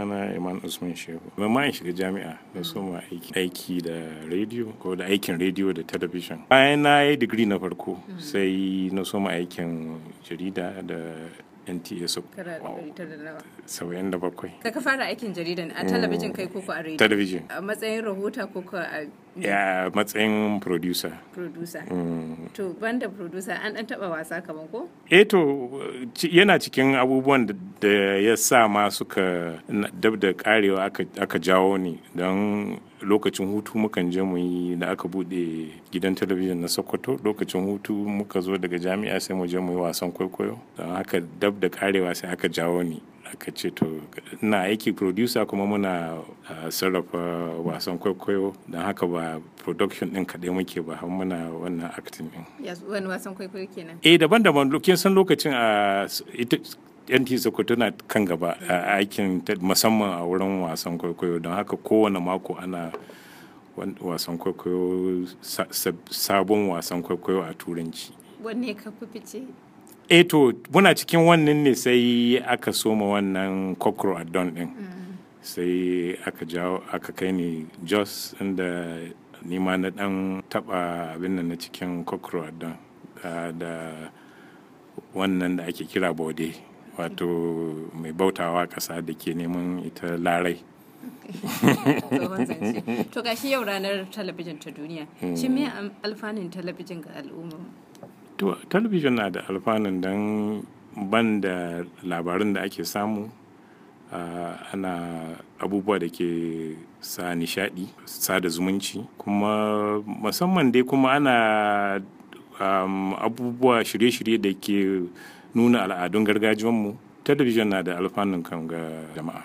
Ana Iman Usman Shehu. Zama in shiga jami'a na soma aiki, da rediyo ko da aikin rediyo da talabijin. Bayan na yi digiri na farko mm. sai na soma aikin jarida da nta so sauyan da bakwai ka ka fara aikin jaridan a talabijin kai koko a radio talabijin a matsayin rahota koko a ya matsayin producer producer mm. to banda producer an dan taba wasa kaman ko eh to yana cikin abubuwan da ya sa ma suka dab da karewa aka jawo ni don lokacin hutu mukan je mu yi da aka bude gidan talabijin na sokoto lokacin hutu muka zo daga jami'a sai mu je mu yi wasan kwaikwayo don haka dab da karewa sai aka jawo ni aka ce to ina aiki producer kuma muna sarrafa wasan kwaikwayo don haka ba production din kadai muke ba har muna wannan acting din wasan kwaikwayo kenan eh daban-daban kin san lokacin a yanti sokoto na kan gaba a aikin musamman a wurin wasan kwaikwayo don haka kowane mako ana wasan kwaikwayo sabon wasan kwaikwayo a turanci wanne ka fi fice eh to muna cikin wannan ne sai aka soma wannan kokro a don din mm. sai aka jawo aka kai ni jos inda nima na dan taba abin nan na cikin kokro a don da wannan da ake kira bode wato mai bautawa ƙasa da ke neman ita larai to shi yau ranar talabijin ta duniya shi me alfanun talabijin ga al'umma to talabijin na da alfanun don ban da labarin da ake samu ana abubuwa da ke sa nishadi da zumunci kuma musamman dai kuma ana abubuwa shirye-shirye da ke nuna al'adun gargajiyanmu talabijin na da alfanun kan ga jama'a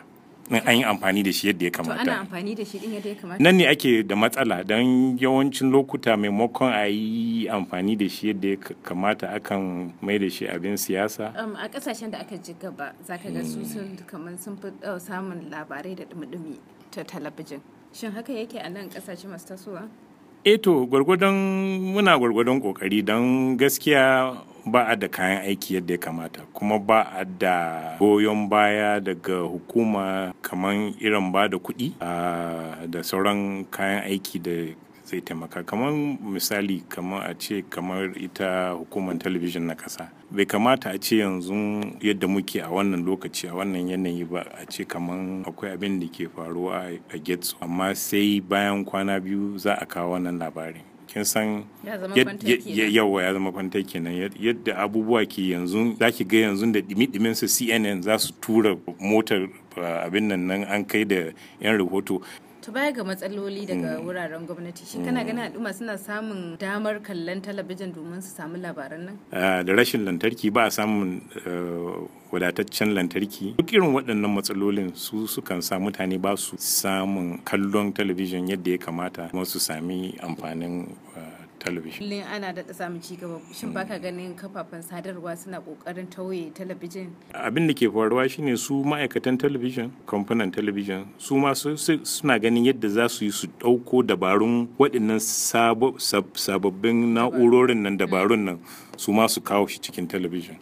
in an yi amfani da shi yadda ya kamata. To ana amfani da shi din yadda ya kamata. Nan ne ake da matsala don yawancin lokuta maimakon a yi amfani da shi yadda ya kamata akan mai da shi abin siyasa. Um, a kasashen da aka ji gaba za ka ga su hmm. sun kamar sun fi oh, samun labarai da dumi-dumi ta talabijin. Shin haka yake a nan kasashe masu tasowa? eto eh gwargwadon muna gwargwadon kokari don gaskiya ba a da kayan aiki yadda ya kamata kuma ba a da goyon baya daga hukuma kamar irin ba da kuɗi ah, da sauran kayan aiki da zai taimaka kamar misali kamar a ce kamar ita hukumar talabijin na kasa bai kamata a ce yanzu yadda muke a wannan lokaci a wannan yanayi ba a ce kamar akwai abin da ke faruwa a getso amma sai bayan kwana biyu za a kawo wannan labarin kin san yawa ya zama kwanta kenan yadda abubuwa ke yanzu za ki ga yanzu da dimi su cnn za su tura motar ah, abin nan an kai da yan rahoto to baya ga matsaloli daga hmm. wuraren gwamnati shi kana hmm. ganin al'umma suna samun damar kallon talabijin domin su samu labaran nan ah, da rashin lantarki ba samun eh, wadataccen lantarki duk irin waɗannan matsalolin su sukan sa mutane ba su samun kallon talabijin yadda ya kamata kuma su sami amfanin eh, talabijin kullum ana daɗa samun ci gaba shin baka ganin kafafen sadarwa suna ƙoƙarin tauye talabijin abin da ke faruwa shine su ma'aikatan talabijin kamfanin talabijin su ma suna ganin yadda za su yi su ɗauko dabarun waɗannan sababbin na'urorin nan mm. dabarun nan su ma su kawo shi cikin talabijin